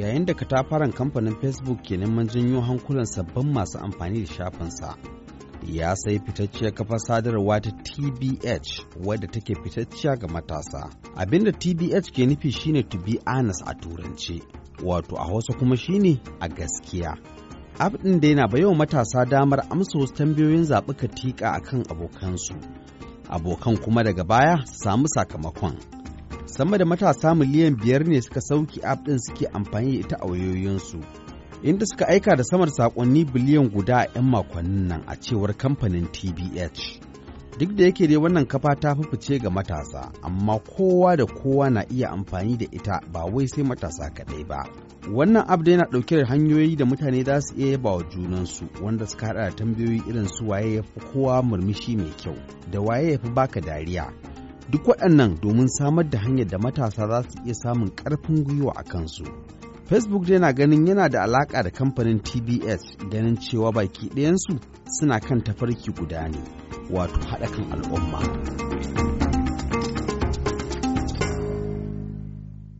yayin da katafaren kamfanin facebook ke neman janyo hankulan sabbin masu amfani da shafinsa ya sai fitacciyar kafa sadarwa ta tbh wadda take fitacciya ga matasa abinda tbh ke nufi shine to be honest a turance wato a hausa kuma shine a gaskiya Ab'in da yana bayo matasa damar amsa wasu tambayoyin zaɓi katika akan abokansu abokan kuma daga baya su samu sakamakon sama da matasa miliyan biyar ne suka sauki app ɗin suke amfani da ita a wayoyinsu inda suka aika da samar sakonni biliyan guda a 'yan makonnin nan a cewar kamfanin tbh duk da yake dai wannan kafa ta fifice ga matasa amma kowa da kowa na iya amfani da ita ba wai sai matasa kaɗai ba wannan app dai na ɗauke da hanyoyi da mutane za su iya yaba wa junansu wanda suka haɗa da tambayoyi irin su waye ya fi kowa murmushi mai kyau da waye ya fi baka dariya duk waɗannan domin samar da hanyar da matasa za su iya samun ƙarfin gwiwa a kansu facebook dai na ganin yana da alaƙa da kamfanin tbs ganin cewa baki ɗayansu suna kan tafarki guda ne wato haɗa kan al'umma.